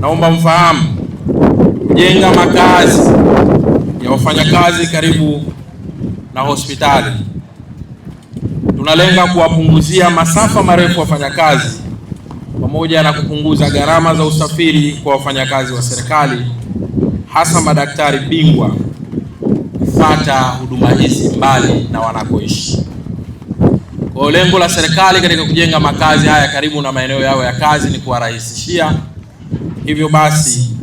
naomba mfahamu, kujenga makazi ya wafanyakazi karibu na hospitali, tunalenga kuwapunguzia masafa marefu wafanyakazi pamoja na kupunguza gharama za usafiri kwa wafanyakazi wa serikali, hasa madaktari bingwa kufata huduma hizi mbali na wanakoishi. Kwa lengo la serikali katika kujenga makazi haya karibu na maeneo yao ya kazi ni kuwarahisishia Hivyo basi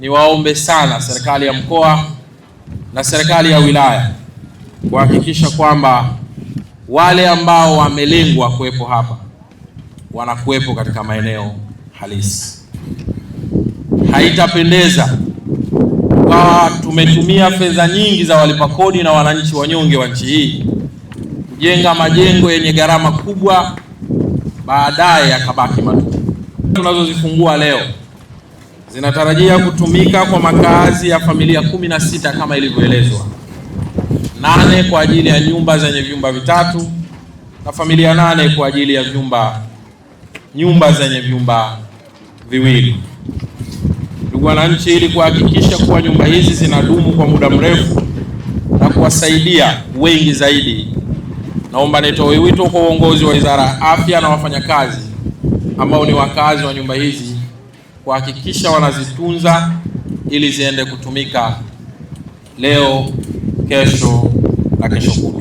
niwaombe sana serikali ya mkoa na serikali ya wilaya kuhakikisha kwamba wale ambao wamelengwa kuwepo hapa wanakuwepo katika maeneo halisi. Haitapendeza ukawa tumetumia fedha nyingi za walipa kodi na wananchi wanyonge wa nchi hii kujenga majengo yenye gharama kubwa, baadaye yakabaki matupu. Tunazozifungua leo zinatarajia kutumika kwa makazi ya familia 16 sita kama ilivyoelezwa, nane kwa ajili ya nyumba zenye vyumba vitatu na familia nane kwa ajili ya vyumba nyumba zenye vyumba viwili. Ndugu wananchi, ili kuhakikisha kuwa nyumba hizi zinadumu kwa muda mrefu na kuwasaidia wengi zaidi, naomba nitoe wito kwa uongozi wa Wizara ya Afya na wafanyakazi ambao ni wakazi wa nyumba hizi kuhakikisha wanazitunza ili ziende kutumika leo, kesho na kesho kutwa.